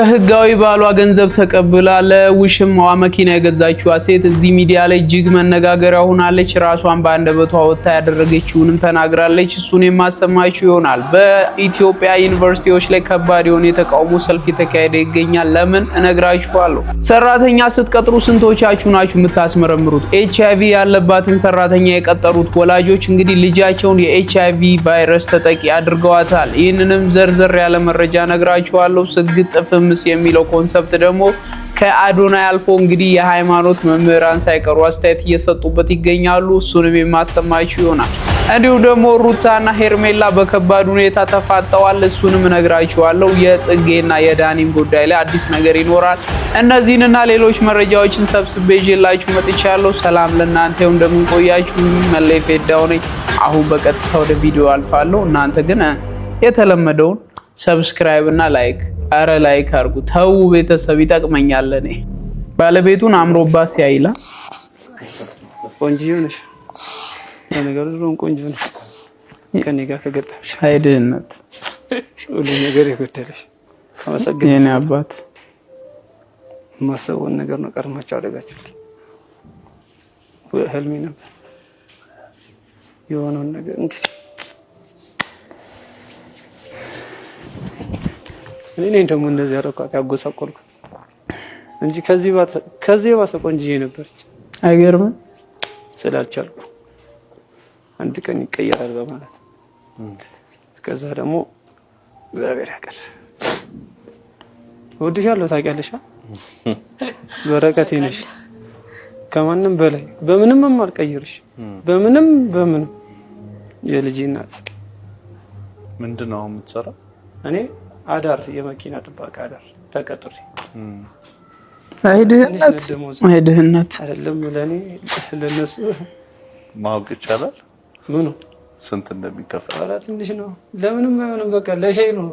ከህጋዊ ባሏ ገንዘብ ተቀብላ ለውሽማዋ መኪና የገዛችዋ ሴት እዚህ ሚዲያ ላይ እጅግ መነጋገሪያ ሆናለች። ራሷን በአንደበቷ ወጥታ ያደረገችውንም ተናግራለች። እሱን የማሰማችሁ ይሆናል። በኢትዮጵያ ዩኒቨርሲቲዎች ላይ ከባድ የሆነ የተቃውሞ ሰልፍ የተካሄደ ይገኛል። ለምን እነግራችኋለሁ። ሰራተኛ ስትቀጥሩ ስንቶቻችሁ ናችሁ የምታስመረምሩት? ኤች አይቪ ያለባትን ሰራተኛ የቀጠሩት ወላጆች እንግዲህ ልጃቸውን የኤች ቪ ቫይረስ ተጠቂ አድርገዋታል። ይህንንም ዘርዘር ያለ መረጃ እነግራችኋለሁ። ስግጥፍም አምስት የሚለው ኮንሰፕት ደግሞ ከአዶናይ አልፎ እንግዲህ የሃይማኖት መምህራን ሳይቀሩ አስተያየት እየሰጡበት ይገኛሉ። እሱንም የማሰማችሁ ይሆናል። እንዲሁም ደግሞ ሩታና ሄርሜላ በከባድ ሁኔታ ተፋጠዋል። እሱንም እነግራችኋለሁ። የጽጌና የዳኒም ጉዳይ ላይ አዲስ ነገር ይኖራል። እነዚህንና ሌሎች መረጃዎችን ሰብስቤ ይዤላችሁ መጥቻለሁ። ሰላም ለእናንተ ይሁን። እንደምንቆያችሁ መለይ ፌዳው ነኝ። አሁን በቀጥታ ወደ ቪዲዮ አልፋለሁ። እናንተ ግን የተለመደውን ሰብስክራይብ እና ላይክ አረ ላይክ አድርጉ። ተው ቤተሰብ ይጠቅመኛል። እኔ ባለቤቱን አምሮባት ሲያይላ ቆንጆ ነሽ። ለነገሩ ድሮም ቆንጆ ነሽ። ከኔ ጋር ከገጠምሽ አይድህነት ሁሉ ነገር የጎደለሽ አመሰግናለሁ። የኔ አባት ማሰቡን ነገር ነው ቀድማችሁ አደጋችሁልኝ። ህልሜ ነበር የሆነውን ነገር እንግዲህ እኔ ነኝ ደግሞ እንደዚህ ያረኳት ያጎሳቆልኩ እንጂ ከዚህ ከዚህ ባሰ ቆንጅዬ ነበረች። አይገርም ስላልቻልኩ አንድ ቀን ይቀየራል በማለት እስከዛ ደግሞ እግዚአብሔር ያቀል እወድሻለሁ፣ ታውቂያለሽ፣ በረከቴ ነሽ። ከማንም በላይ በምንም የማልቀይርሽ በምንም በምንም የልጅ እናት ምንድን ነው የምትሰራው እኔ አዳር የመኪና ጥበቃ አዳር ተቀጥሬ አይድህነት ድህነት አይደለም። ለእኔ ለነሱ ማወቅ ይቻላል። ምኑ ስንት እንደሚከፈል ኧረ ትንሽ ነው። ለምንም አይሆንም። በቃ ለሸይ ነው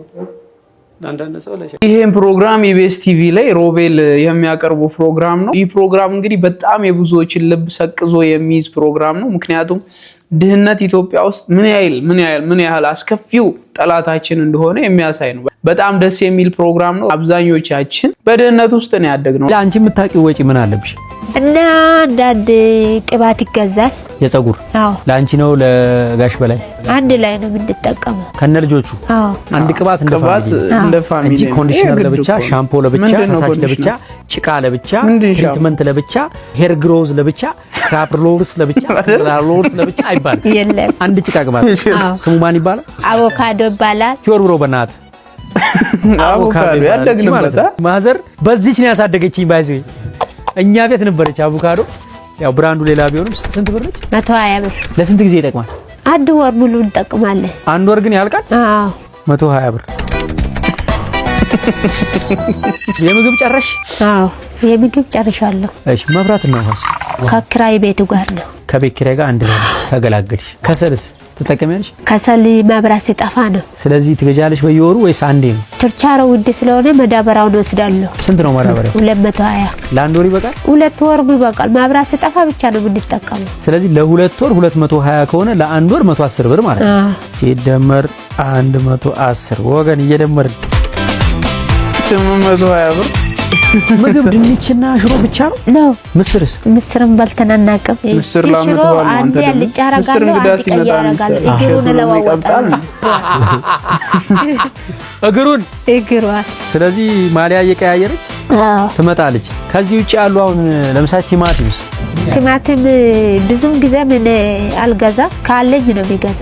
ይሄን ፕሮግራም ኢቤስ ቲቪ ላይ ሮቤል የሚያቀርቡ ፕሮግራም ነው። ይህ ፕሮግራም እንግዲህ በጣም የብዙዎችን ልብ ሰቅዞ የሚይዝ ፕሮግራም ነው። ምክንያቱም ድህነት ኢትዮጵያ ውስጥ ምን ያህል ምን ያህል ምን ያህል አስከፊው ጠላታችን እንደሆነ የሚያሳይ ነው። በጣም ደስ የሚል ፕሮግራም ነው። አብዛኞቻችን በድህነት ውስጥ ነው ያደግነው። አንቺ የምታውቂው ወጪ ምን አለብሽ? እና አንዳንድ ቅባት ይገዛል የጸጉር ለአንቺ ነው ለጋሽ በላይ አንድ ላይ ነው የምንጠቀመው ከነ ልጆቹ አንድ ቅባት እንደ ፋሚሊ ኮንዲሽነር ለብቻ ሻምፖ ለብቻ ለብቻ ጭቃ ለብቻ፣ ትሪትመንት ለብቻ፣ ሄር ግሮዝ ለብቻ፣ ክራፕ ሮልስ ለብቻ፣ ሮልስ ለብቻ አይባልም። አንድ ጭቃ ግባት። ስሙ ማን ይባላል? አቮካዶ ይባላል። ሲወር ብሮ በናት አቮካዶ ማለት ማዘር በዚች ነው ያሳደገችኝ። ባይዘ እኛ ቤት ነበረች አቮካዶ። ያው ብራንዱ ሌላ ቢሆንም ስንት ብር ነች? 120 ብር። ለስንት ጊዜ ይጠቅማል? አንድ ወር ሙሉ እንጠቅማለን። አንድ ወር ግን ያልቃል። አዎ ሀያ ብር የምግብ ጨረሽ? አዎ የምግብ ጨርሻለሁ። እሺ መብራት ነው ሆስ ቤቱ ጋር ነው። ከቤት ኪራይ ጋር አንድ ላይ ተገላገልሽ። ከሰልስ ትጠቀሚያለሽ? ከሰል መብራት ሲጠፋ ነው። ስለዚህ ትገዣለሽ በየወሩ ወይስ አንዴ ነው? ችርቻሮ ውድ ስለሆነ መዳበሪያውን ወስዳለሁ። ስንት ነው ማዳበሪያው? 220 ለአንድ ወር ይበቃል? ሁለት ወር ይበቃል። መብራት ሲጠፋ ብቻ ነው የምንጠቀመው። ስለዚህ ለሁለት ወር 220 ከሆነ ለአንድ ወር 110 ብር ማለት ነው ሲደመር 110 ወገን እየደመርን ስሙ መቶ ሀያ ብር ምግብ ድንችና ሽሮ ብቻ ነው። ምስርስ ምስርም ባልተናናቀም ምስር ላመት ባል አንተ ልጅ ምስር እንግዳ ሲመጣ እግሩን ለዋወጣል እግሩን እግሯ ስለዚህ ማሊያ እየቀያየረች ትመጣለች። ከዚህ ውጭ ያሉ አሁን ለምሳሌ ቲማቲምስ ቲማቲም ብዙም ጊዜ ምን አልገዛ ካለኝ ነው የሚገዛ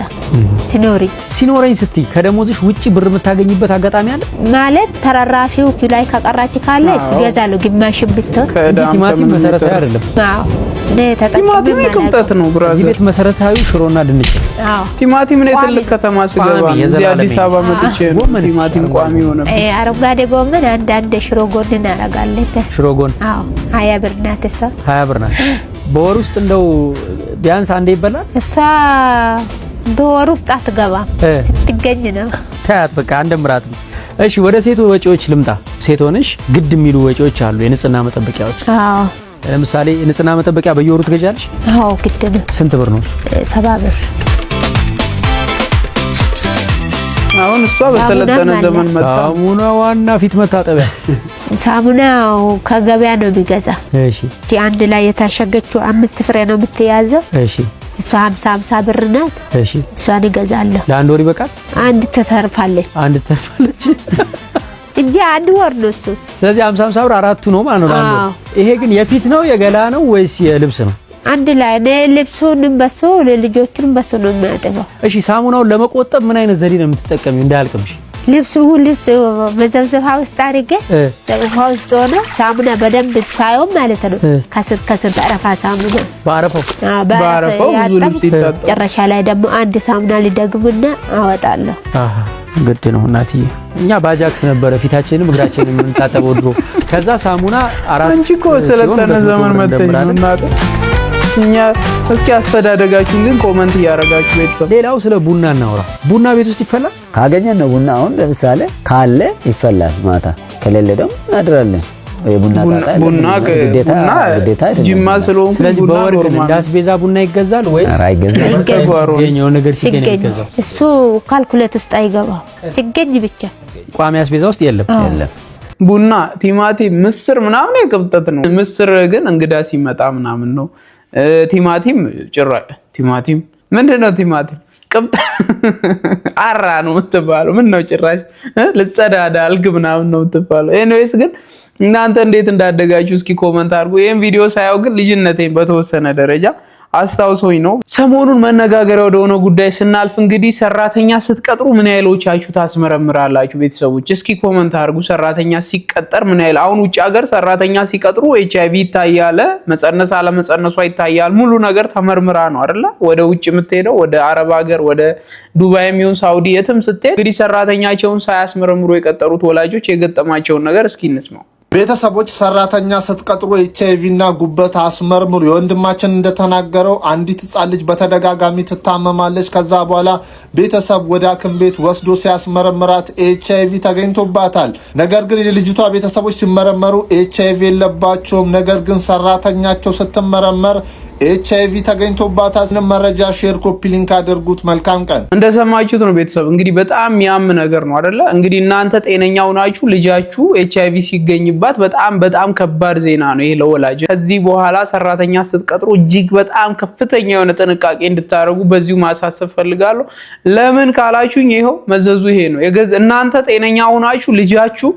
ሲኖረኝ ሲኖረኝ። ስትይ ከደሞዝሽ ውጪ ብር የምታገኝበት አጋጣሚ አለ ማለት ተራራፊው ላይ ከቀራች ካለ ይገዛሉ። ግማሽ ብትሆን። ቲማቲም መሰረታዊ አይደለም። አዎ ቲማቲም የቅምጠት ነው። ብራዘር እዚህ ቤት መሰረታዊ ሽሮና ድንች። አዎ ቲማቲም ነው። ትልቅ ከተማ ስገባ እዚህ አዲስ አበባ መጥቼ ነው ቲማቲም ቋሚ ሆነ። አረንጓዴ ጎመን አንዳንድ ሽሮ ጎን እናደርጋለን። ሽሮ ጎን አዎ፣ ሀያ ብር ናት እሷ፣ ሀያ ብር ናት። በወር ውስጥ እንደው ቢያንስ አንዴ ይበላል እሷ በወር ውስጥ አትገባም፣ ስትገኝ ነው። ታያት በቃ አንድ ምራት ነው። እሺ ወደ ሴት ወጪዎች ልምጣ። ሴት ሆነሽ ግድ የሚሉ ወጪዎች አሉ፣ የንጽህና መጠበቂያዎች። አዎ ለምሳሌ ንጽህና መጠበቂያ በየወሩ ትገዣለሽ? አዎ ግድብ። ስንት ብር ነው? ሰባ ብር። አሁን እሷ በሰለጠነ ዘመን መጣ። ሳሙና ዋና ፊት መታጠቢያ ሳሙናው ከገበያ ነው የሚገዛ። እሺ፣ አንድ ላይ የታሸገችው አምስት ፍሬ ነው የምትያዘው። እሺ፣ እሷ 50 50 ብር ናት። እሺ፣ እሷን እገዛለሁ። ለአንድ ወር ይበቃል። አንድ ተተርፋለች። አንድ ተተርፋለች። እጄ አንድ ወር ነው እሱ። ስለዚህ 50 50 ብር አራቱ ነው ማለት ነው። ይሄ ግን የፊት ነው የገላ ነው ወይስ የልብስ ነው? አንድ ላይ ነው። ልብሱንም በሱ ልጆቹንም በሱ ነው የሚያጥበው። እሺ ሳሙናውን ለመቆጠብ ምን አይነት ዘዴ ነው የምትጠቀሚው እንዳያልቅብሽ? ልብሱ ልብስ መዘብዘባ ውስጥ አድርጌ ውሃ ውስጥ ሆነ ሳሙና በደንብ ሳየው ማለት ነው። ከስር ከስር በአረፋ ሳሙና በአረፋው በአረፋው ብዙ ላይ ደግሞ አንድ ሳሙና ልደግምና አወጣለሁ። ግድ ነው እናትዬ። እኛ ባጃክስ ነበረ ፊታችንም እግራችንም የምንታጠበው ድሮ። ከዛ ሳሙና አራት አንቺ እኮ ስለጠነ ዘመን መጥተኝ እናት። እኛ እስኪ አስተዳደጋችሁ ግን ኮመንት እያደረጋችሁ ቤተሰብ። ሌላው ስለ ቡና እናውራ። ቡና ቤት ውስጥ ይፈላል ካገኘን ነው ቡና። አሁን ለምሳሌ ካለ ይፈላል ማታ፣ ከሌለ ደግሞ እናድራለን። ቡና ግዴታ ጅማ ስለሆንኩ ስለዚህ በወር እንደ አስቤዛ ቡና ይገዛል ወይስ ነገር ሲገኝ እሱ ካልኩሌት ውስጥ አይገባም። ሲገኝ ብቻ ቋሚ አስቤዛ ውስጥ የለም ቡና፣ ቲማቲም፣ ምስር ምናምን የቅብጠት ነው። ምስር ግን እንግዳ ሲመጣ ምናምን ነው። ቲማቲም ጭራ ቲማቲም ምንድን ነው ቲማቲም ቅብጥ አራ ነው የምትባለው። ምን ነው ጭራሽ ልጸዳዳ አልግ ምናምን ነው የምትባለው። ኤኒዌይስ ግን እናንተ እንዴት እንዳደጋችሁ እስኪ ኮመንት አድርጉ። ይህም ቪዲዮ ሳያው ግን ልጅነቴን በተወሰነ ደረጃ አስታውሶኝ ነው። ሰሞኑን መነጋገሪያ ወደሆነ ጉዳይ ስናልፍ እንግዲህ ሰራተኛ ስትቀጥሩ ምን ያህሎቻችሁ ታስመረምራላችሁ? ቤተሰቦች እስኪ ኮመንት አድርጉ። ሰራተኛ ሲቀጠር ምን ያህል አሁን ውጭ ሀገር ሰራተኛ ሲቀጥሩ ኤች አይቪ ይታያል፣ መጸነስ አለመጸነሷ ይታያል። ሙሉ ነገር ተመርምራ ነው አይደለ ወደ ውጭ የምትሄደው ወደ አረብ ሀገር ወደ ዱባይ የሚሆን ሳውዲ የትም ስትሄድ እንግዲህ ሰራተኛቸውን ሳያስመረምሩ የቀጠሩት ወላጆች የገጠማቸውን ነገር እስኪ እንስማው። ቤተሰቦች ሰራተኛ ስትቀጥሩ ኤች አይቪ እና ጉበት አስመርምሩ። የወንድማችን እንደተናገረ የተናገረው አንዲት ሕፃን ልጅ በተደጋጋሚ ትታመማለች። ከዛ በኋላ ቤተሰብ ወደ ሐኪም ቤት ወስዶ ሲያስመረምራት ኤች አይ ቪ ተገኝቶባታል። ነገር ግን የልጅቷ ቤተሰቦች ሲመረመሩ ኤች አይ ቪ የለባቸውም። ነገር ግን ሰራተኛቸው ስትመረመር ኤች ተገኝቶባት አስንም መረጃ ሼር፣ ኮፒ ሊንክ አድርጉት። መልካም ቀን። እንደሰማችሁት ነው ቤተሰብ። እንግዲህ በጣም ያም ነገር ነው አደለ? እንግዲህ እናንተ ጤነኛው ናችሁ፣ ልጃችሁ ኤች አይቪ ሲገኝባት በጣም በጣም ከባድ ዜና ነው ይሄ ለወላጅ። ከዚህ በኋላ ሰራተኛ ስትቀጥሩ እጅግ በጣም ከፍተኛ የሆነ ጥንቃቄ እንድታደርጉ በዚሁ ማሳሰብ ፈልጋለሁ። ለምን ካላችሁኝ ይኸው መዘዙ ይሄ ነው። እናንተ ጤነኛ ሆናችሁ ልጃችሁ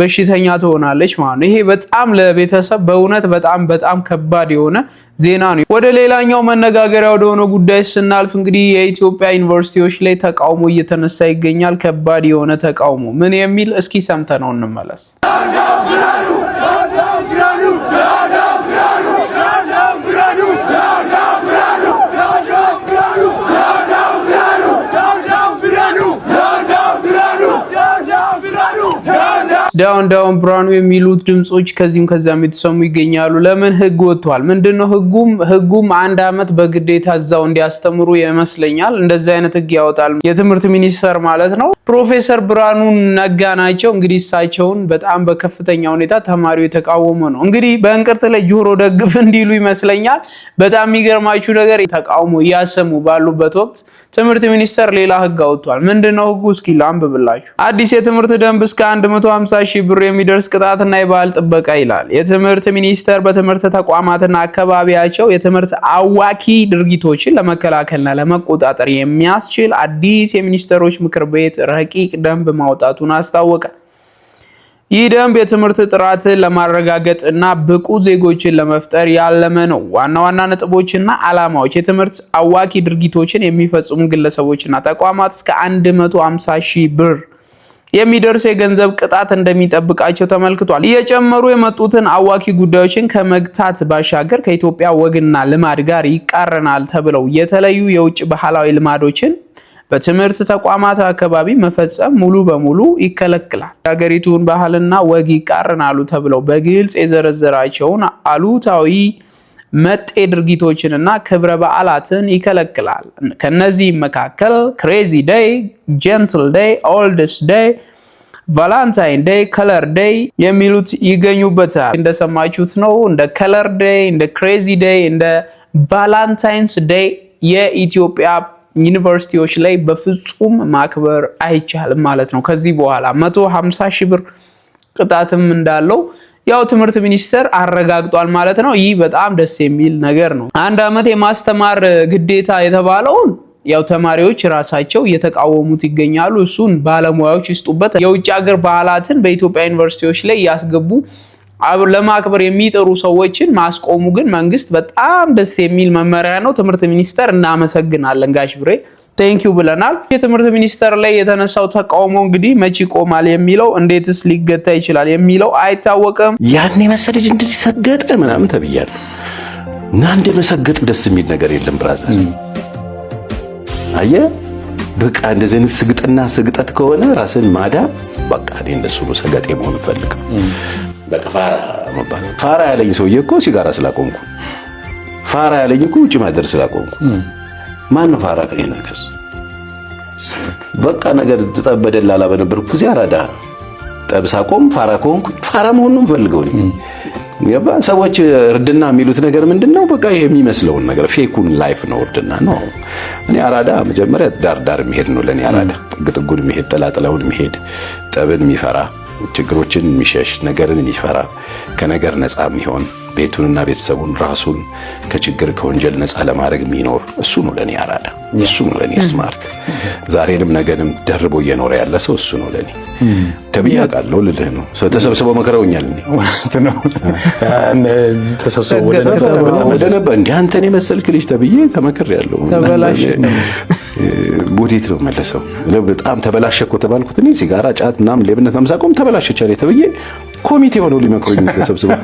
በሽተኛ ትሆናለች ማለት ነው። ይሄ በጣም ለቤተሰብ በእውነት በጣም በጣም ከባድ የሆነ ዜና ነው። ወደ ሌላኛው መነጋገሪያ ወደሆነ ጉዳይ ስናልፍ እንግዲህ የኢትዮጵያ ዩኒቨርሲቲዎች ላይ ተቃውሞ እየተነሳ ይገኛል። ከባድ የሆነ ተቃውሞ ምን የሚል እስኪ ሰምተነው እንመለስ። ዳውን ዳውን ብራኑ የሚሉት ድምጾች ከዚህም ከዚያም የተሰሙ ይገኛሉ። ለምን ህግ ወጥቷል? ምንድነው ህጉም? ህጉም አንድ አመት በግዴታ እዛው እንዲያስተምሩ ይመስለኛል። እንደዚህ አይነት ህግ ያወጣል የትምህርት ሚኒስቴር ማለት ነው። ፕሮፌሰር ብራኑ ነጋ ናቸው። እንግዲህ እሳቸውን በጣም በከፍተኛ ሁኔታ ተማሪው የተቃወመ ነው። እንግዲህ በእንቅርት ላይ ጆሮ ደግፍ እንዲሉ ይመስለኛል። በጣም የሚገርማችሁ ነገር ተቃውሞ እያሰሙ ባሉበት ወቅት ትምህርት ሚኒስቴር ሌላ ህግ አውጥቷል። ምንድነው ህጉ? እስኪ ላንብብላችሁ። አዲስ የትምህርት ደንብ እስከ 150 ሺህ ብር የሚደርስ ቅጣትና የባህል ጥበቃ ይላል። የትምህርት ሚኒስቴር በትምህርት ተቋማትና አካባቢያቸው የትምህርት አዋኪ ድርጊቶችን ለመከላከልና ለመቆጣጠር የሚያስችል አዲስ የሚኒስትሮች ምክር ቤት ረቂቅ ደንብ ማውጣቱን አስታወቀ። ይህ ደንብ የትምህርት ጥራትን ለማረጋገጥ እና ብቁ ዜጎችን ለመፍጠር ያለመ ነው። ዋና ዋና ነጥቦችና ዓላማዎች የትምህርት አዋኪ ድርጊቶችን የሚፈጽሙ ግለሰቦችና ተቋማት እስከ 150 ሺህ ብር የሚደርስ የገንዘብ ቅጣት እንደሚጠብቃቸው ተመልክቷል። እየጨመሩ የመጡትን አዋኪ ጉዳዮችን ከመግታት ባሻገር ከኢትዮጵያ ወግና ልማድ ጋር ይቃረናል ተብለው የተለዩ የውጭ ባህላዊ ልማዶችን በትምህርት ተቋማት አካባቢ መፈጸም ሙሉ በሙሉ ይከለክላል። የሀገሪቱን ባህልና ወግ ይቃረናሉ ተብለው በግልጽ የዘረዘራቸውን አሉታዊ መጤ ድርጊቶችንና ክብረ በዓላትን ይከለክላል። ከነዚህም መካከል ክሬዚ ደይ፣ ጀንትል ደይ፣ ኦልድስ ደይ ቫላንታይን ደይ ከለር ደይ የሚሉት ይገኙበታል። እንደሰማችሁት ነው። እንደ ከለር ደይ እንደ ክሬዚ ደይ፣ እንደ ቫላንታይንስ ደይ የኢትዮጵያ ዩኒቨርሲቲዎች ላይ በፍጹም ማክበር አይቻልም ማለት ነው። ከዚህ በኋላ 150 ሺህ ብር ቅጣትም እንዳለው ያው ትምህርት ሚኒስቴር አረጋግጧል ማለት ነው። ይህ በጣም ደስ የሚል ነገር ነው። አንድ ዓመት የማስተማር ግዴታ የተባለውን ያው ተማሪዎች ራሳቸው እየተቃወሙት ይገኛሉ። እሱን ባለሙያዎች ይስጡበት። የውጭ ሀገር ባህላትን በኢትዮጵያ ዩኒቨርሲቲዎች ላይ እያስገቡ ለማክበር የሚጥሩ ሰዎችን ማስቆሙ ግን መንግስት በጣም ደስ የሚል መመሪያ ነው። ትምህርት ሚኒስቴር እናመሰግናለን ጋሽ ብሬ። ቴንኪዩ ብለናል። የትምህርት ሚኒስቴር ላይ የተነሳው ተቃውሞ እንግዲህ መቼ ይቆማል የሚለው እንዴትስ ሊገታ ይችላል የሚለው አይታወቅም። ያን የመሰለ ልጅ እንደዚህ ሰገጠ ምናምን ተብያል እና እንደ መሰገጥ ደስ የሚል ነገር የለም ብራዘር አየ በቃ እንደዚህ አይነት ስግጥና ስግጠት ከሆነ ራስን ማዳ በቃ እኔ እንደሱ ሰገጤ መሆን ፈልግም። በቃ ፋራ ፋራ ያለኝ ሰውዬ እኮ ሲጋራ ስላቆምኩ ፋራ ያለኝ እኮ ውጭ ማደር ስላቆምኩ ማን ነው ፋራ ከኔ ነገስ? በቃ ነገር ተጠበደላላ በነበርኩ ጊዜ አራዳ ጠብሳቆም ፋራ ከሆንኩ ፋራ መሆኑን ነው ገባ ሰዎች እርድና የሚሉት ነገር ምንድን ነው? በቃ ይሄ የሚመስለውን ነገር ፌኩን ላይፍ ነው እርድና ነው። እኔ አራዳ መጀመሪያ ዳር ዳር የሚሄድ ነው ለእኔ አራዳ፣ ጥግ የሚሄድ ጥላጥላውን የሚሄድ ጠብን የሚፈራ ችግሮችን የሚሸሽ ነገርን የሚፈራ ከነገር ነፃ የሚሆን ቤቱንና ቤተሰቡን ራሱን ከችግር ከወንጀል ነፃ ለማድረግ የሚኖር እሱ ነው ለእኔ አራዳ፣ እሱ ነው ለእኔ ስማርት። ዛሬንም ነገንም ደርቦ እየኖረ ያለ ሰው እሱ ነው ለእኔ ተብዬ አውቃለሁ ልልህ ነው። ተሰብስበው መክረውኛል። ተሰብስበው ወደ ነበር እንዲህ አንተን የመሰልክ ልጅ ተብዬ ተመክሬያለሁ። ወዴት ነው መለሰው? በጣም ተበላሸ እኮ ተባልኩት እኔ ሲጋራ፣ ጫት ምናምን ሌብነት መምሳቆም ተበላሸቻ ተብዬ ኮሚቴ ሆነው ሊመክሩኝ ተሰብስበው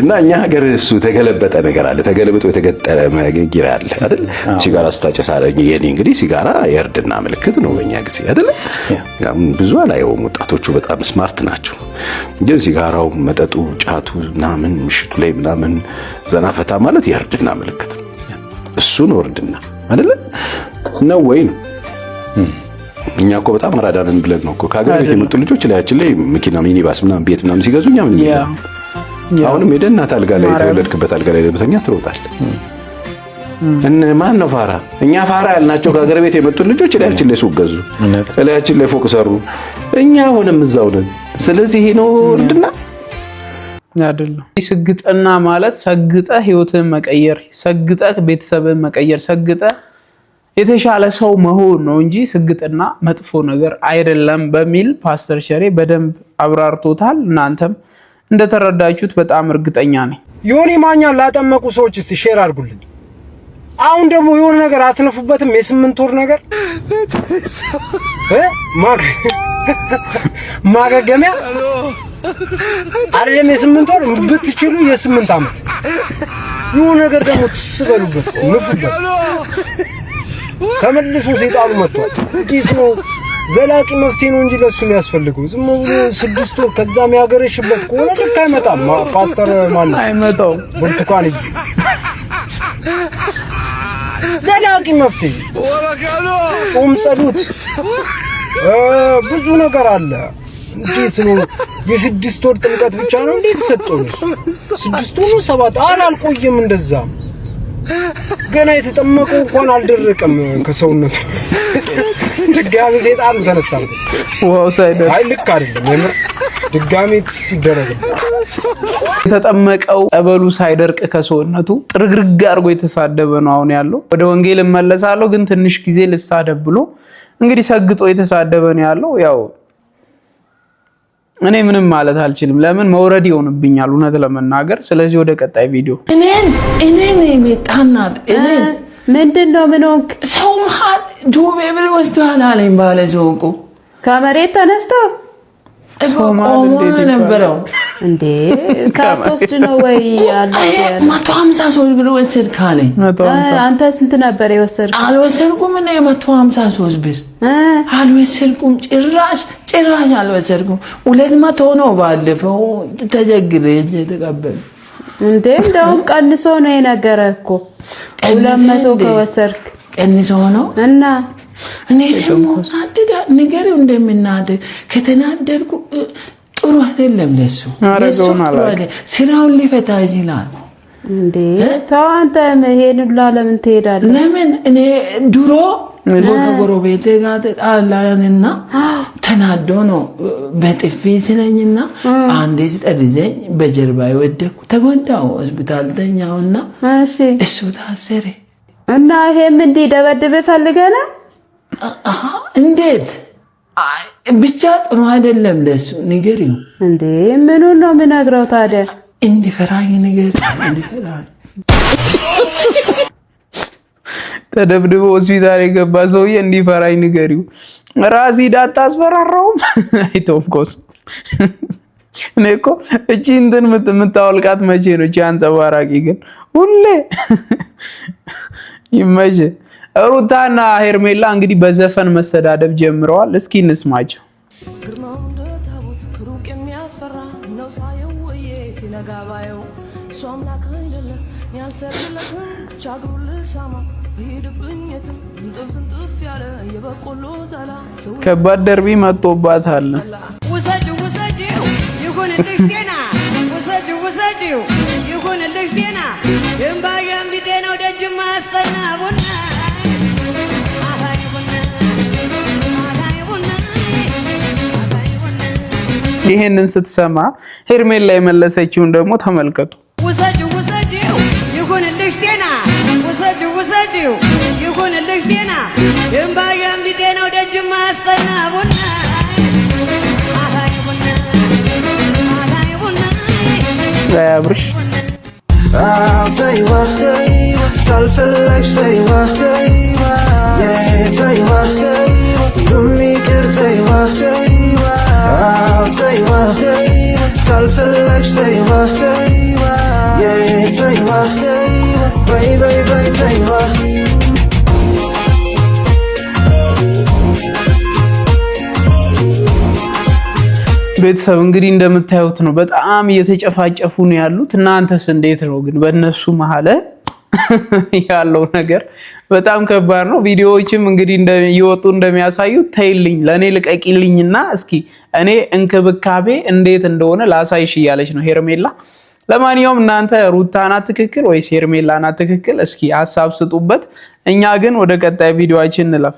እና እኛ ሀገር እሱ ተገለበጠ ነገር አለ። ተገለብጦ የተገጠረ መግግር አለ አይደል? ሲጋራ ስታጨስ አለኝ። የኔ እንግዲህ ሲጋራ የእርድና ምልክት ነው በእኛ ጊዜ አይደል? ብዙ አላየውም። ወጣቶቹ በጣም ስማርት ናቸው። ግን ሲጋራው፣ መጠጡ፣ ጫቱ ምናምን ምሽቱ ላይ ምናምን ዘናፈታ ማለት የእርድና ምልክት ነው። እሱ ነው እርድና አይደል? ነው ወይ ነው እኛ እኮ በጣም መራዳንን ብለን ነው እኮ ከሀገር ቤት የመጡ ልጆች ላያችን ላይ መኪና፣ ሚኒባስ ምናምን ቤት ምናምን ሲገዙ እኛ ምን አሁንም ሄደህ እናት አልጋ ላይ የተወለድክበት አልጋ ላይ ለምተኛ ትሮጣል። ማን ነው ፋራ? እኛ ፋራ ያልናቸው ከሀገር ቤት የመጡ ልጆች እላያችን ላይ ሱቅ ገዙ፣ እላያችን ላይ ፎቅ ሰሩ። እኛ አሁንም እዛው ነን። ስለዚህ ይሄ ነው እንድና አይደለም። ሰግጠና ማለት ሰግጠ ህይወትን መቀየር፣ ሰግጠ ቤተሰብን መቀየር፣ ሰግጠ የተሻለ ሰው መሆን ነው እንጂ ስግጥና መጥፎ ነገር አይደለም በሚል ፓስተር ሸሬ በደንብ አብራርቶታል። እናንተም እንደተረዳችሁት በጣም እርግጠኛ ነኝ። ዮኒ ማኛን ላጠመቁ ሰዎች እስቲ ሼር አድርጉልኝ። አሁን ደግሞ የሆነ ነገር አትለፉበትም። የስምንት ወር ነገር ማገገሚያ አይደለም። የስምንት ወር ብትችሉ የስምንት ዓመት የሆነ ነገር ደግሞ ትስበሉበት ንፉበት። ተመልሶ ሴጣኑ መጥቷል። እንዴት ነው ዘላቂ መፍትሄ ነው እንጂ ለሱ የሚያስፈልገው ዝም ብሎ ስድስት ወር ከዛ የሚያገረሽበት ከሆነ ልክ አይመጣም። ፓስተር ማን አይመጣው ብርቱካን እጅ ዘላቂ መፍትሄ ጾም፣ ጸሎት፣ ብዙ ነገር አለ። እንዴት ነው የስድስት ወር ጥምቀት ብቻ ነው እንዴት ሰጠው? ስድስት ወር ሰባት አላልቆየም እንደዛም ገና የተጠመቀው እንኳን አልደረቀም ከሰውነቱ። ድጋሚ ሴጣኑ ተነሳ። ዋው ሳይደር አይ ልክ አይደለም የምር ድጋሚ ሲደረግ የተጠመቀው ጸበሉ ሳይደርቅ ከሰውነቱ ጥርግርግ አድርጎ የተሳደበ ነው አሁን ያለው። ወደ ወንጌል እመለሳለሁ ግን ትንሽ ጊዜ ልሳደብ ብሎ እንግዲህ ሰግጦ የተሳደበ ነው ያለው ያው እኔ ምንም ማለት አልችልም። ለምን መውረድ ይሆንብኛል እውነት ለመናገር። ስለዚህ ወደ ቀጣይ ቪዲዮ እኔን እኔን የሚጣናት እኔን ምንድን ነው ምን ሆንክ? ሰው መሀል ዱቤ ብር ወስደዋል አለኝ ባለ ዘወቁ ከመሬት ተነስተው ነበረው እንዴ ካፖስት ነው ወይ? መቶ ሀምሳ ሶስት ብር ወሰድክ አለኝ። አንተ ስንት ነበር የወሰድከው? አልወሰድኩም እና የመቶ ሀምሳ ሶስት ብር አልወሰድኩም፣ ጭራሽ ጭራሽ አልወሰድኩም። ሁለት መቶ ነው ባለፈው ተቸግሬ የተቀበል እንዴ። እንደውም ቀንሶ ነው የነገረ እኮ ሁለት መቶ ከወሰድክ ቀንሶ ነው እና እኔ ደግሞ ሳድጋ ነገሬው እንደምናደግ ከተናደድኩ ጥሩ አይደለም። ለሱ ስራውን ሊፈታ ይችላል። አንተ ይሄን ሁላ ለምን ትሄዳለህ? ለምን እኔ ድሮ ጎረቤቴ ጋር ተጣላንና ተናዶ ነው በጥፊ ስለኝና አንዴ ሲጠርዘኝ በጀርባ የወደኩ ተጎዳው። ሆስፒታል ተኛውና እሱ ታሰረ እና ይሄ ምንድ ደበድበህ ፈልገና እንዴት ብቻ ጥሩ አይደለም ለሱ ንገር ነው እንዴ? ምን ነው የምነግረው ታዲያ እንዲፈራኝ ነገር ተደብድቦ ሆስፒታል የገባ ሰውዬ እንዲፈራኝ ንገሪው። ራሲ ዳታ አስፈራራውም አይቶም ኮስ እኔ እኮ እቺ እንትን የምታወልቃት መቼ ነው? እቺ አንጸባራቂ ግን ሁሌ ይመችህ። ሩታና ሄርሜላ እንግዲህ በዘፈን መሰዳደብ ጀምረዋል። እስኪ እንስማቸው። ከባድ ደርቢ መጥቶባታል። ይሁንልሽ ጤና ደንባዣ ቢጤ ነው ደጅ ማያስጠና ይሄንን ስትሰማ ሄርሜላ የመለሰችውን ደግሞ ተመልከቱ። ውሰጂው ውሰጂው ይሁንልሽ ጤና ውሰጂው ውሰጂው ይሁንልሽ ጤና ድንባዣም ቢጤናው ደጅማ አስጠና ቡና አብርሽ ካልፈለግሽ ተይዋ ተይዋ ተይዋ በይ ቤተሰብ እንግዲህ እንደምታዩት ነው። በጣም እየተጨፋጨፉ ነው ያሉት። እናንተስ እንዴት ነው ግን በእነሱ መሀል ያለው ነገር በጣም ከባድ ነው። ቪዲዮዎችም እንግዲህ እየወጡ እንደሚያሳዩ ተይልኝ፣ ለእኔ ልቀቂልኝና እስኪ እኔ እንክብካቤ እንዴት እንደሆነ ላሳይሽ እያለች ነው ሄርሜላ። ለማንኛውም እናንተ ሩታ ናት ትክክል ወይስ ሄርሜላ ናት ትክክል? እስኪ ሀሳብ ስጡበት። እኛ ግን ወደ ቀጣይ ቪዲዮችን እንለፍ።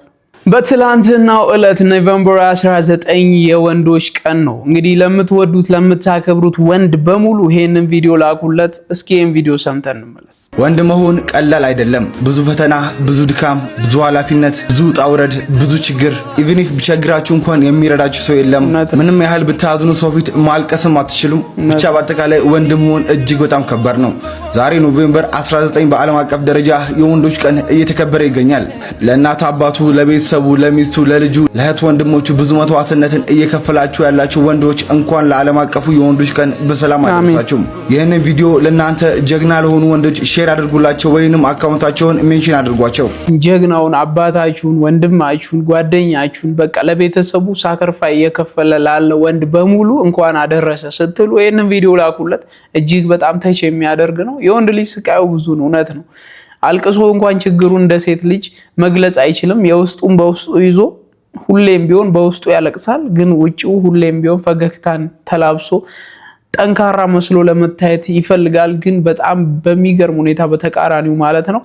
በትላንትናው ዕለት ኖቬምበር 19 የወንዶች ቀን ነው። እንግዲህ ለምትወዱት ለምታከብሩት ወንድ በሙሉ ይሄንን ቪዲዮ ላኩለት። እስኪ ይህን ቪዲዮ ሰምተን እንመለስ። ወንድ መሆን ቀላል አይደለም። ብዙ ፈተና፣ ብዙ ድካም፣ ብዙ ኃላፊነት፣ ብዙ ጣውረድ ብዙ ችግር። ኢቭን ኢፍ ቢቸግራችሁ እንኳን የሚረዳችሁ ሰው የለም። ምንም ያህል ብታዝኑ ሰው ፊት ማልቀስም አትችሉም። ብቻ በአጠቃላይ ወንድ መሆን እጅግ በጣም ከባድ ነው። ዛሬ ኖቬምበር 19 በዓለም አቀፍ ደረጃ የወንዶች ቀን እየተከበረ ይገኛል። ለእናት አባቱ ለቤት ለቤተሰቡ፣ ለሚስቱ፣ ለልጁ፣ ለእህት ወንድሞቹ ብዙ መስዋዕትነትን እየከፈላችሁ ያላችሁ ወንዶች እንኳን ለዓለም አቀፉ የወንዶች ቀን በሰላም አደረሳችሁም። ይህንን ቪዲዮ ለእናንተ ጀግና ለሆኑ ወንዶች ሼር አድርጉላቸው፣ ወይንም አካውንታቸውን ሜንሽን አድርጓቸው። ጀግናውን አባታችሁን፣ ወንድማችሁን፣ ጓደኛችሁን በቃ ለቤተሰቡ ሳክሪፋይ እየከፈለ ላለ ወንድ በሙሉ እንኳን አደረሰ ስትሉ ይህንን ቪዲዮ ላኩለት። እጅግ በጣም ተች የሚያደርግ ነው። የወንድ ልጅ ስቃዩ ብዙ ነው። እውነት ነው። አልቅሶ እንኳን ችግሩ እንደ ሴት ልጅ መግለጽ አይችልም። የውስጡን በውስጡ ይዞ ሁሌም ቢሆን በውስጡ ያለቅሳል። ግን ውጭው ሁሌም ቢሆን ፈገግታን ተላብሶ ጠንካራ መስሎ ለመታየት ይፈልጋል። ግን በጣም በሚገርም ሁኔታ በተቃራኒው ማለት ነው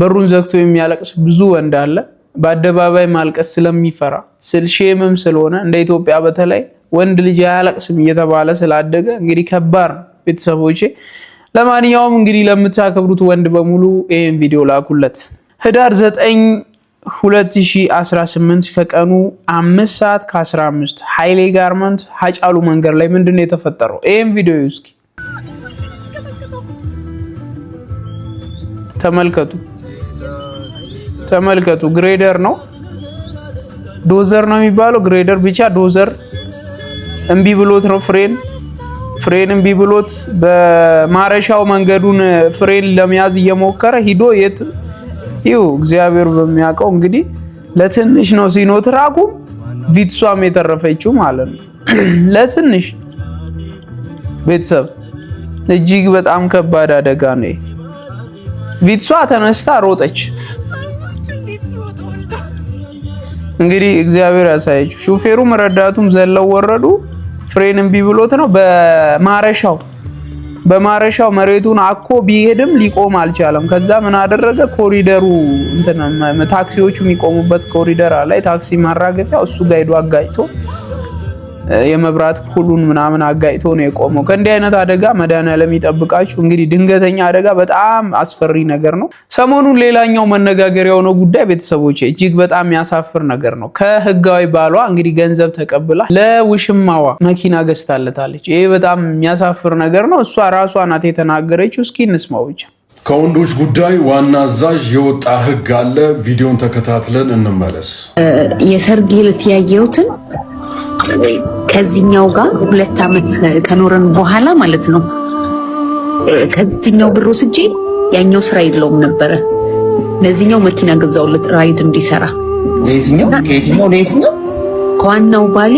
በሩን ዘግቶ የሚያለቅስ ብዙ ወንድ አለ። በአደባባይ ማልቀስ ስለሚፈራ ስልሼምም ስለሆነ እንደ ኢትዮጵያ በተለይ ወንድ ልጅ አያለቅስም እየተባለ ስላደገ እንግዲህ ከባድ ቤተሰቦቼ ለማንኛውም እንግዲህ ለምታከብሩት ወንድ በሙሉ ይህን ቪዲዮ ላኩለት። ህዳር 9 2018 ከቀኑ 5 ሰዓት ከ15 ኃይሌ ጋርመንት ሀጫሉ መንገድ ላይ ምንድን ነው የተፈጠረው? ይህም ቪዲዮ እስኪ ተመልከቱ፣ ተመልከቱ። ግሬደር ነው ዶዘር ነው የሚባለው፣ ግሬደር ብቻ ዶዘር እምቢ ብሎት ነው ፍሬን ፍሬን እምቢ ብሎት በማረሻው መንገዱን ፍሬን ለመያዝ እየሞከረ ሂዶ የት ይው እግዚአብሔር በሚያውቀው እንግዲህ ለትንሽ ነው ራቁ ቪትሷም የተረፈችው ማለት ነው። ለትንሽ ቤተሰብ እጅግ በጣም ከባድ አደጋ ነው። ቪትሷ ተነስታ ሮጠች። እንግዲህ እግዚአብሔር ያሳየችው ሹፌሩም ረዳቱም ዘለው ወረዱ። ፍሬን እምቢ ብሎት ነው በማረሻው በማረሻው መሬቱን አኮ ቢሄድም ሊቆም አልቻለም። ከዛ ምን አደረገ? ኮሪደሩ ታክሲዎቹ የሚቆሙበት ኮሪደር አለ ታክሲ ማራገፊያ እሱ ጋይዶ አጋጭቶ የመብራት ፖሉን ምናምን አጋይቶ ነው የቆመው። ከእንዲህ አይነት አደጋ መድኃኒዓለም ይጠብቃችሁ። እንግዲህ ድንገተኛ አደጋ በጣም አስፈሪ ነገር ነው። ሰሞኑን ሌላኛው መነጋገር የሆነው ጉዳይ ቤተሰቦች እጅግ በጣም የሚያሳፍር ነገር ነው። ከህጋዊ ባሏ እንግዲህ ገንዘብ ተቀብላ ለውሽማዋ መኪና ገዝታለታለች። ይሄ በጣም የሚያሳፍር ነገር ነው። እሷ ራሷ ናት የተናገረችው። እስኪ እንስማው ብቻ ከወንዶች ጉዳይ ዋና አዛዥ የወጣ ህግ አለ። ቪዲዮን ተከታትለን እንመለስ። የሰርግ ዕለት ያየሁትን ከዚህኛው ጋር ሁለት ዓመት ከኖረን በኋላ ማለት ነው። ከዚህኛው ብር ወስጄ ያኛው ስራ የለውም ነበረ። ለዚህኛው መኪና ገዛውለት ራይድ እንዲሰራ ለየትኛው ከዋናው ባሌ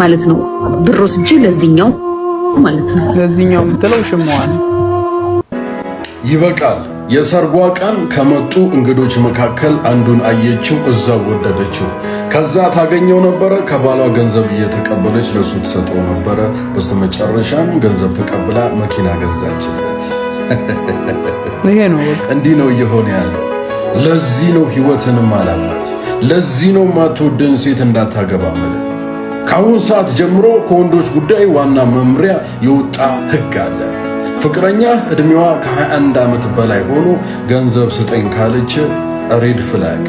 ማለት ነው ብር ወስጄ ለዚህኛው ማለት ነው ለዚህኛው የምትለው ሽማዋል ይበቃል። የሰርጓ ቀን ከመጡ እንግዶች መካከል አንዱን አየችው፣ እዛው ወደደችው። ከዛ ታገኘው ነበረ። ከባሏ ገንዘብ እየተቀበለች ለሱ ትሰጠው ነበረ። በስተመጨረሻም ገንዘብ ተቀብላ መኪና ገዛችለት። እንዲህ ነው እየሆነ ያለው። ለዚህ ነው ህይወትንም አላምናት። ለዚህ ነው ማትወደን ሴት እንዳታገባ ምል። ከአሁን ሰዓት ጀምሮ ከወንዶች ጉዳይ ዋና መምሪያ የወጣ ህግ አለ። ፍቅረኛ እድሜዋ ከ21 ዓመት በላይ ሆኖ ገንዘብ ስጠኝ ካለች ሬድ ፍላግ።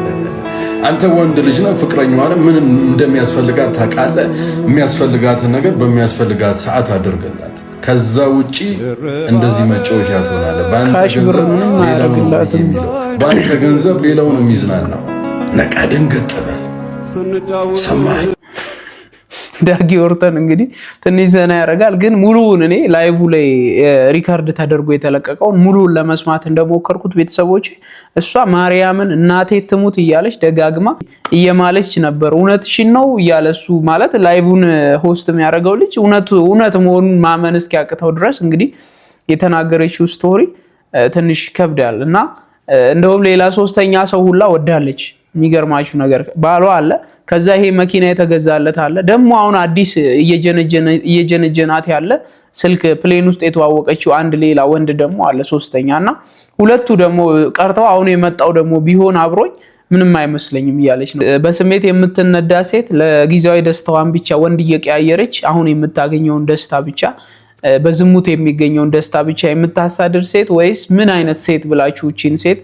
አንተ ወንድ ልጅ ነህ። ፍቅረኛዋን ምን እንደሚያስፈልጋት ታውቃለህ። የሚያስፈልጋትን ነገር በሚያስፈልጋት ሰዓት አድርግላት። ከዛ ውጪ እንደዚህ መጫወቻ ትሆናለህ። በአንተ ገንዘብ ሌላውን የሚለው በአንተ ገንዘብ ሌላውን የሚዝናናው ነቃ ደንገጥ በል ሰማይ ዳጊ ኦርተን እንግዲህ ትንሽ ዘና ያደርጋል። ግን ሙሉውን እኔ ላይቭ ላይ ሪከርድ ተደርጎ የተለቀቀውን ሙሉውን ለመስማት እንደሞከርኩት ቤተሰቦች፣ እሷ ማርያምን እናቴ ትሙት እያለች ደጋግማ እየማለች ነበር። እውነትሽን ነው እያለ እሱ ማለት ላይቭን ሆስት የሚያደርገው ልጅ እውነት መሆኑን ማመን እስኪያቅተው ድረስ እንግዲህ የተናገረችው ስቶሪ ትንሽ ይከብዳል እና እንደውም ሌላ ሶስተኛ ሰው ሁላ ወዳለች የሚገርማችሁ ነገር ባሏ አለ፣ ከዛ ይሄ መኪና የተገዛለት አለ፣ ደግሞ አሁን አዲስ እየጀነጀናት ያለ ስልክ ፕሌን ውስጥ የተዋወቀችው አንድ ሌላ ወንድ ደግሞ አለ ሶስተኛ። እና ሁለቱ ደግሞ ቀርተው አሁን የመጣው ደግሞ ቢሆን አብሮኝ ምንም አይመስለኝም እያለች ነው። በስሜት የምትነዳ ሴት ለጊዜያዊ ደስታዋን ብቻ ወንድ እየቀያየረች አሁን የምታገኘውን ደስታ ብቻ በዝሙት የሚገኘውን ደስታ ብቻ የምታሳድር ሴት ወይስ ምን አይነት ሴት ብላችሁ እቺን ሴት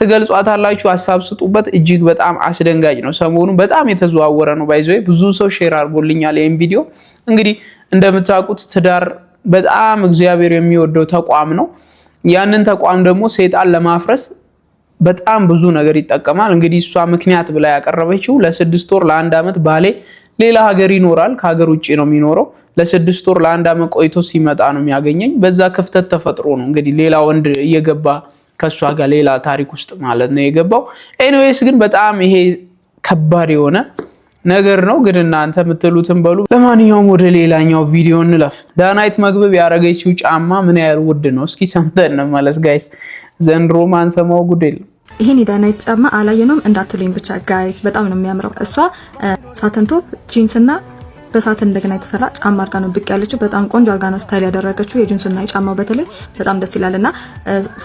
ትገልጿታላችሁ፣ ሀሳብ ስጡበት። እጅግ በጣም አስደንጋጭ ነው። ሰሞኑን በጣም የተዘዋወረ ነው። ባይዘ ብዙ ሰው ሼር አድርጎልኛል ይህም ቪዲዮ። እንግዲህ እንደምታውቁት ትዳር በጣም እግዚአብሔር የሚወደው ተቋም ነው። ያንን ተቋም ደግሞ ሰይጣን ለማፍረስ በጣም ብዙ ነገር ይጠቀማል። እንግዲህ እሷ ምክንያት ብላ ያቀረበችው ለስድስት ወር ለአንድ ዓመት ባሌ ሌላ ሀገር ይኖራል፣ ከሀገር ውጭ ነው የሚኖረው። ለስድስት ወር ለአንድ ዓመት ቆይቶ ሲመጣ ነው የሚያገኘኝ። በዛ ክፍተት ተፈጥሮ ነው እንግዲህ ሌላ ወንድ እየገባ ከእሷ ጋር ሌላ ታሪክ ውስጥ ማለት ነው የገባው። ኤኒዌይስ ግን በጣም ይሄ ከባድ የሆነ ነገር ነው ግን እናንተ የምትሉትን በሉ። ለማንኛውም ወደ ሌላኛው ቪዲዮ እንለፍ። ዳናይት መግብብ ያደረገችው ጫማ ምን ያህል ውድ ነው? እስኪ ሰምተን እንመለስ ጋይስ። ዘንድሮ ማንሰማው ጉድ የለም። ይህን የዳናይት ጫማ አላየነውም እንዳትሉኝ ብቻ ጋይስ፣ በጣም ነው የሚያምረው። እሷ ሳተንቶፕ ጂንስ እና በሳት እንደገና የተሰራ ጫማ አርጋ ነው ብቅ ያለችው። በጣም ቆንጆ አርጋ ነው ስታይል ያደረገችው። የጂንሱና የጫማው በተለይ በጣም ደስ ይላል እና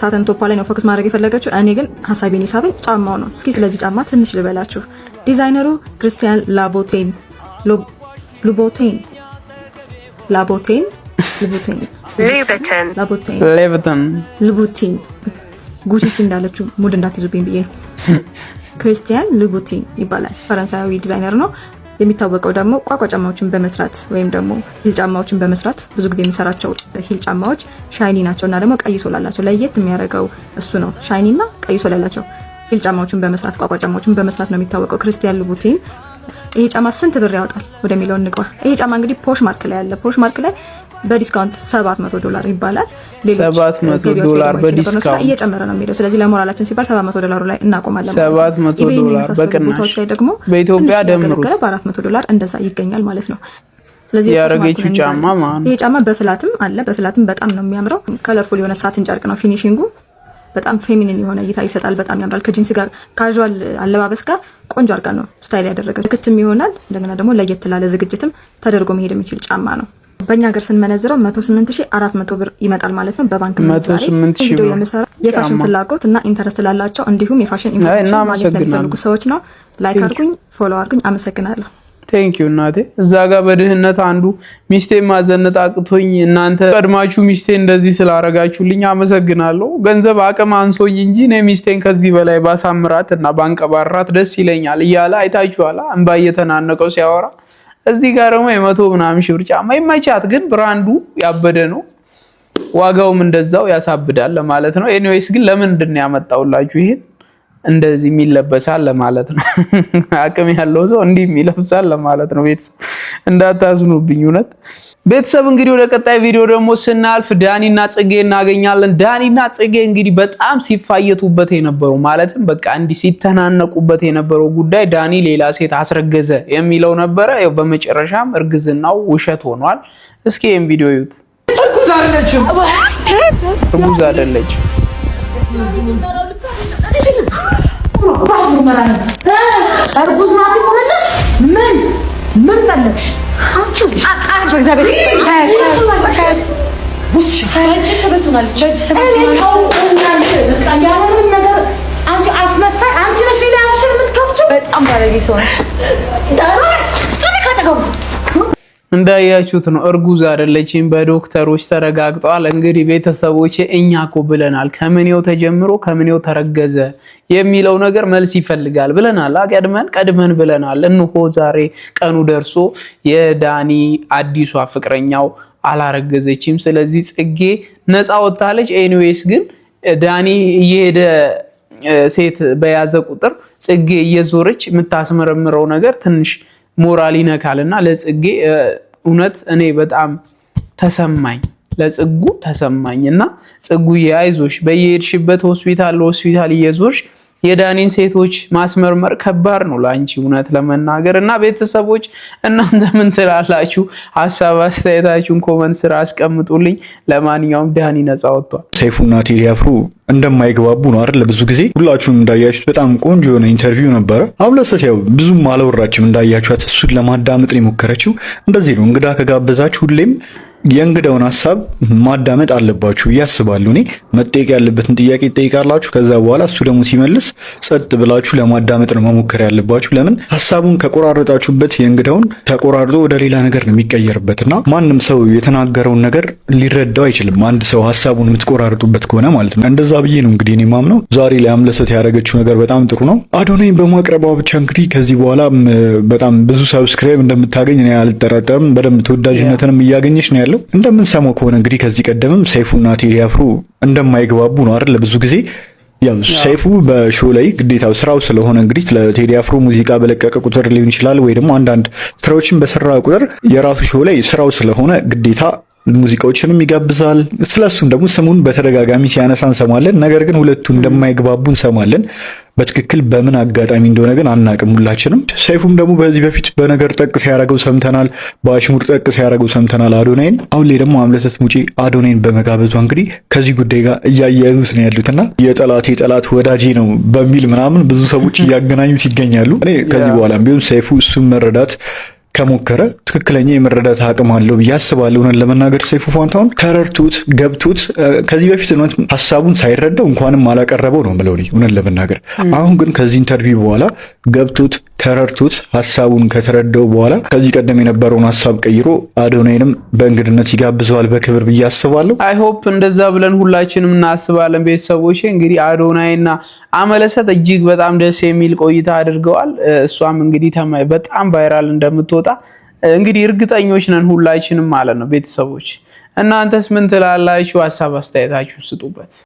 ሳትን ቶፓ ላይ ነው ፎከስ ማድረግ የፈለገችው። እኔ ግን ሀሳቤን ይሳበኝ ጫማው ነው። እስኪ ስለዚህ ጫማ ትንሽ ልበላችሁ። ዲዛይነሩ ክርስቲያን ላቦቴን ሉቦቴን ላቦቴን ሉቦቴን ሌበተን ሉቡቲን ጉቺ እንዳለችው ሙድ እንዳትይዙብኝ ብዬ ነው። ክርስቲያን ልቡቲን ይባላል። ፈረንሳዊ ዲዛይነር ነው። የሚታወቀው ደግሞ ቋቋ ጫማዎችን በመስራት ወይም ደግሞ ሂል ጫማዎችን በመስራት ብዙ ጊዜ የሚሰራቸው ሂል ጫማዎች ሻይኒ ናቸው እና ደግሞ ቀይ ሶል አላቸው። ለየት የሚያደርገው እሱ ነው። ሻይኒ እና ቀይ ሶል ያላቸው ሂል ጫማዎችን በመስራት ቋቋ ጫማዎችን በመስራት ነው የሚታወቀው ክርስቲያን ሉቡቲን። ይሄ ጫማ ስንት ብር ያወጣል ወደሚለው እንግባ። ይሄ ጫማ እንግዲህ ፖሽ ማርክ ላይ ያለ ፖሽ ማርክ ላይ በዲስካውንት 700 ዶላር ይባላል። ሌሎች ዶላር በዲስካውንት እየጨመረ ነው የሚሄደው። ስለዚህ ለሞራላችን ሲባል 700 ዶላሩ ላይ እናቆማለን። 700 ዶላር በቅናሽ ላይ ደግሞ በኢትዮጵያ ደምሩት በ400 ዶላር እንደዛ ይገኛል ማለት ነው። ስለዚህ ያረገችው ጫማ ማለት ነው። ይሄ ጫማ በፍላትም አለ። በፍላትም በጣም ነው የሚያምረው። ከለርፉል የሆነ ሳትን ጨርቅ ነው ፊኒሺንጉ በጣም ፌሚኒን የሆነ እይታ ይሰጣል። በጣም ያምራል። ከጂንስ ጋር ካዥዋል አለባበስ ጋር ቆንጆ አድርጋ ነው ስታይል ያደረገችው። ክትም ይሆናል እንደገና ደግሞ ለየት ላለ ዝግጅትም ተደርጎ መሄድ የሚችል ጫማ ነው። በእኛ ሀገር ስንመነዝረው መቶ ስምንት ሺ አራት መቶ ብር ይመጣል ማለት ነው። በባንክ ቪዲዮ የምሰራ የፋሽን ፍላጎት እና ኢንተረስት ላላቸው እንዲሁም የፋሽን ኢንፎርሜሽን ማግኘት ለሚፈልጉ ሰዎች ነው። ላይክ አድርጉኝ፣ ፎሎ አድርጉኝ። አመሰግናለሁ። ቴንክ ዩ እናቴ። እዛ ጋር በድህነት አንዱ ሚስቴ ማዘነት አቅቶኝ እናንተ ቀድማችሁ ሚስቴ እንደዚህ ስላረጋችሁልኝ አመሰግናለሁ። ገንዘብ አቅም አንሶኝ እንጂ እኔ ሚስቴን ከዚህ በላይ ባሳምራት እና ባንቀባራት ደስ ይለኛል እያለ አይታችኋላ። እንባ እየተናነቀው ሲያወራ እዚህ ጋር ደግሞ የመቶ ምናምን ሺህ ብር ጫማ ይመቻት፣ ግን ብራንዱ ያበደ ነው፣ ዋጋውም እንደዛው ያሳብዳል ለማለት ነው። ኤኒዌይስ ግን ለምንድን ያመጣውላችሁ ይሄን? እንደዚህ የሚለበሳል ለማለት ነው። አቅም ያለው ሰው እንዲህ የሚለብሳል ለማለት ነው። ቤተሰብ እንዳታዝኑብኝ እውነት። ቤተሰብ እንግዲህ ወደ ቀጣይ ቪዲዮ ደግሞ ስናልፍ ዳኒና ጽጌ እናገኛለን። ዳኒና ጽጌ እንግዲህ በጣም ሲፋየቱበት የነበረው ማለትም በቃ እንዲህ ሲተናነቁበት የነበረው ጉዳይ ዳኒ ሌላ ሴት አስረገዘ የሚለው ነበረ። ያው በመጨረሻም እርግዝናው ውሸት ሆኗል። እስኪ ይህም ቪዲዮ ይዩት። እርጉዝ አይደለችም። ቁርባሽ ምርመራ ምን ምን ፈለግሽ አንቺ? አጣር በእግዚአብሔር ነገር አንቺ አስመሳይ አንቺ በጣም ባለጌ ሰው ነሽ። እንዳያችሁት ነው እርጉዝ አይደለችም፣ በዶክተሮች ተረጋግጧል። እንግዲህ ቤተሰቦች እኛ እኮ ብለናል ከምኔው ተጀምሮ ከምኔው ተረገዘ የሚለው ነገር መልስ ይፈልጋል ብለናል። ቀድመን ቀድመን ብለናል። እንሆ ዛሬ ቀኑ ደርሶ የዳኒ አዲሷ ፍቅረኛው አላረገዘችም። ስለዚህ ጽጌ ነፃ ወጥታለች። ኤኒዌይስ ግን ዳኒ እየሄደ ሴት በያዘ ቁጥር ጽጌ እየዞረች የምታስመረምረው ነገር ትንሽ ሞራል ይነካል እና ለጽጌ እውነት እኔ በጣም ተሰማኝ ለጽጉ ተሰማኝ እና ጽጉ አይዞሽ በየሄድሽበት ሆስፒታል ሆስፒታል እየዞርሽ የዳኒን ሴቶች ማስመርመር ከባድ ነው ለአንቺ እውነት ለመናገር እና ቤተሰቦች እናንተ ምን ትላላችሁ? ሀሳብ አስተያየታችሁን ኮመንት ስራ አስቀምጡልኝ። ለማንኛውም ዳኒ ነጻ ወጥቷል። ሰይፉና ቴዲ አፍሮ እንደማይግባቡ ነው አይደል? ብዙ ጊዜ ሁላችሁም እንዳያችሁት በጣም ቆንጆ የሆነ ኢንተርቪው ነበረ። አብለሰት ያው ብዙም አላወራችም እንዳያችኋት፣ እሱን ለማዳመጥ ነው የሞከረችው። እንደዚህ ነው እንግዳ ከጋበዛችሁ ሁሌም የእንግዳውን ሀሳብ ማዳመጥ አለባችሁ ብዬ አስባለሁ። እኔ መጠየቅ ያለበትን ጥያቄ ይጠይቃላችሁ። ከዛ በኋላ እሱ ደግሞ ሲመልስ ጸጥ ብላችሁ ለማዳመጥ ነው መሞከር ያለባችሁ። ለምን ሀሳቡን ከቆራረጣችሁበት የእንግዳውን ተቆራርጦ ወደ ሌላ ነገር ነው የሚቀየርበት እና ማንም ሰው የተናገረውን ነገር ሊረዳው አይችልም። አንድ ሰው ሀሳቡን የምትቆራርጡበት ከሆነ ማለት ነው። እንደዛ ብዬ ነው እንግዲህ እኔ ማምነው። ዛሬ ላይ አምለሰት ያደረገችው ነገር በጣም ጥሩ ነው። አዶናይ በማቅረቧ ብቻ እንግዲህ ከዚህ በኋላ በጣም ብዙ ሰብስክራይብ እንደምታገኝ እኔ አልጠራጠርም። በደንብ ተወዳጅነትንም እያገኘች ነው ያለው የሚለው። እንደምንሰማው ከሆነ እንግዲህ ከዚህ ቀደምም ሰይፉና ቴዲ አፍሮ እንደማይግባቡ ነው አይደል? ብዙ ጊዜ ያው ሰይፉ በሾው ላይ ግዴታው ስራው ስለሆነ እንግዲህ ለቴዲ አፍሮ ሙዚቃ በለቀቀ ቁጥር ሊሆን ይችላል ወይ ደግሞ አንዳንድ ስራዎችን በሰራ ቁጥር የራሱ ሾ ላይ ስራው ስለሆነ ግዴታ ሙዚቃዎችንም ይጋብዛል። ስለሱም ደግሞ ስሙን በተደጋጋሚ ሲያነሳ እንሰማለን። ነገር ግን ሁለቱ እንደማይግባቡ እንሰማለን። በትክክል በምን አጋጣሚ እንደሆነ ግን አናቅም ሁላችንም። ሰይፉም ደግሞ በዚህ በፊት በነገር ጠቅ ሲያደርገው ሰምተናል፣ በአሽሙር ጠቅ ሲያደርገው ሰምተናል አዶናይን። አሁን ላይ ደግሞ አምለሰት ሙጪ አዶናይን በመጋበዟ እንግዲህ ከዚህ ጉዳይ ጋር እያያያዙት ነው ያሉትና የጠላት የጠላት ወዳጄ ነው በሚል ምናምን ብዙ ሰዎች እያገናኙት ይገኛሉ። እኔ ከዚህ በኋላም ቢሆን ሰይፉ እሱን መረዳት ከሞከረ ትክክለኛ የመረዳት አቅም አለው ብዬ አስባለሁ። እውነት ለመናገር ሰይፉ ፋንታሁን ተረድቶት ገብቱት። ከዚህ በፊት እውነት ሀሳቡን ሳይረዳው እንኳንም አላቀረበው ነው ብለው እውነት ለመናገር አሁን ግን ከዚህ ኢንተርቪው በኋላ ገብቱት ተረርቱት ሀሳቡን ከተረዳው በኋላ ከዚህ ቀደም የነበረውን ሀሳብ ቀይሮ አዶናይንም በእንግድነት ይጋብዘዋል በክብር ብዬ አስባለሁ። አይሆፕ እንደዛ ብለን ሁላችንም እናስባለን። ቤተሰቦች እንግዲህ አዶናይና አመለሰት እጅግ በጣም ደስ የሚል ቆይታ አድርገዋል። እሷም እንግዲህ በጣም ቫይራል እንደምትወጣ እንግዲህ እርግጠኞች ነን ሁላችንም ማለት ነው ቤተሰቦች። እናንተስ ምን ትላላችሁ? ሀሳብ አስተያየታችሁን ስጡበት።